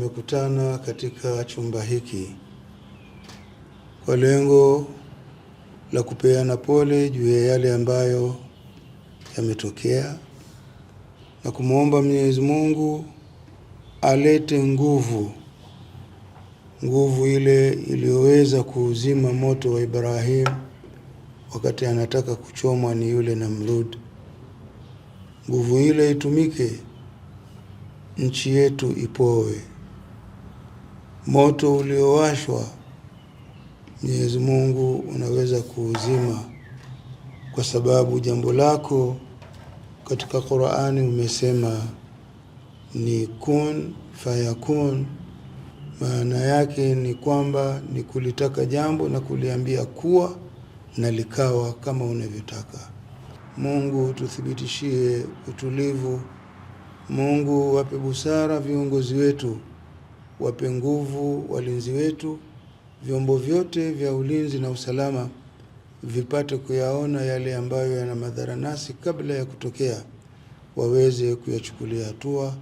tumekutana katika chumba hiki kwa lengo la kupeana pole juu ya yale ambayo yametokea na kumwomba Mwenyezi Mungu alete nguvu, nguvu ile iliyoweza kuuzima moto wa Ibrahim wakati anataka kuchomwa ni yule Namrud. Nguvu ile itumike, nchi yetu ipowe. Moto uliowashwa Mwenyezi Mungu unaweza kuuzima, kwa sababu jambo lako katika Qur'ani umesema ni kun fayakun. Maana yake ni kwamba ni kulitaka jambo na kuliambia kuwa, na likawa kama unavyotaka. Mungu tuthibitishie utulivu. Mungu wape busara viongozi wetu wape nguvu walinzi wetu, vyombo vyote vya ulinzi na usalama vipate kuyaona yale ambayo yana madhara nasi kabla ya kutokea, waweze kuyachukulia hatua.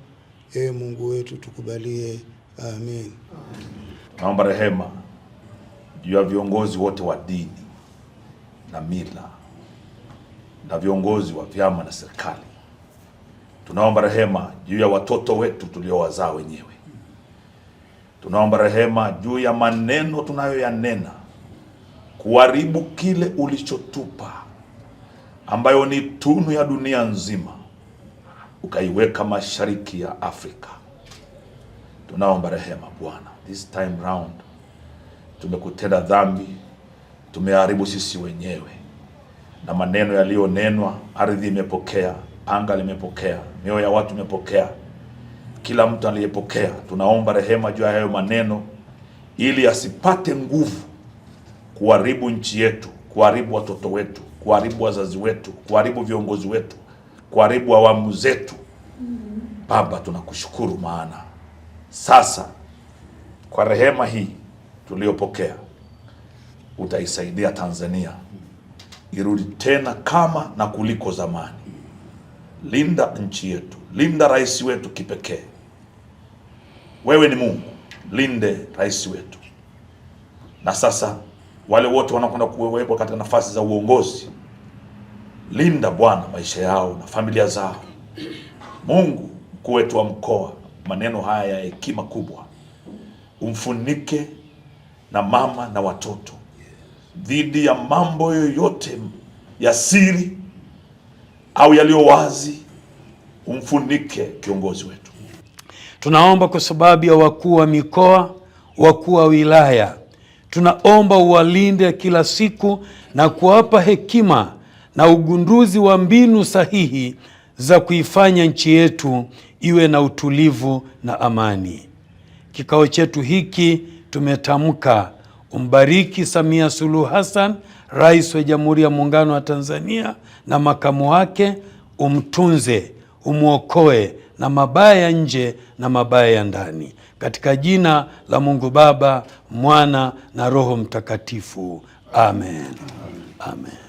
Ee Mungu wetu, tukubalie. Amin. Naomba rehema juu ya viongozi wote wa dini na mila na viongozi wa vyama na serikali. Tunaomba rehema juu ya watoto wetu tuliowazaa wenyewe Tunaomba rehema juu ya maneno tunayoyanena kuharibu kile ulichotupa ambayo ni tunu ya dunia nzima, ukaiweka mashariki ya Afrika. Tunaomba rehema Bwana, this time round tumekutenda dhambi, tumeharibu sisi wenyewe na maneno yaliyonenwa. Ardhi imepokea, anga limepokea, mioyo ya watu imepokea kila mtu aliyepokea, tunaomba rehema juu ya hayo maneno, ili asipate nguvu kuharibu nchi yetu, kuharibu watoto wetu, kuharibu wazazi wetu, kuharibu viongozi wetu, kuharibu awamu zetu. Baba, tunakushukuru maana sasa kwa rehema hii tuliyopokea utaisaidia Tanzania irudi tena kama na kuliko zamani. Linda nchi yetu, linda rais wetu kipekee. Wewe ni Mungu, linde rais wetu. Na sasa wale wote wanaokwenda kuwepo katika nafasi za uongozi, linda Bwana maisha yao na familia zao. Mungu, mkuu wetu wa mkoa, maneno haya ya hekima kubwa umfunike na mama na watoto dhidi ya mambo yoyote ya siri au yaliyo wazi. Umfunike kiongozi wetu. Tunaomba kwa sababu ya wakuu wa mikoa, wakuu wa wilaya, tunaomba uwalinde kila siku na kuwapa hekima na ugunduzi wa mbinu sahihi za kuifanya nchi yetu iwe na utulivu na amani. Kikao chetu hiki tumetamka umbariki Samia Suluhu Hassan, Rais wa Jamhuri ya Muungano wa Tanzania na makamu wake, umtunze, umwokoe na mabaya ya nje na mabaya ya ndani, katika jina la Mungu Baba, Mwana na Roho Mtakatifu, amen, amen.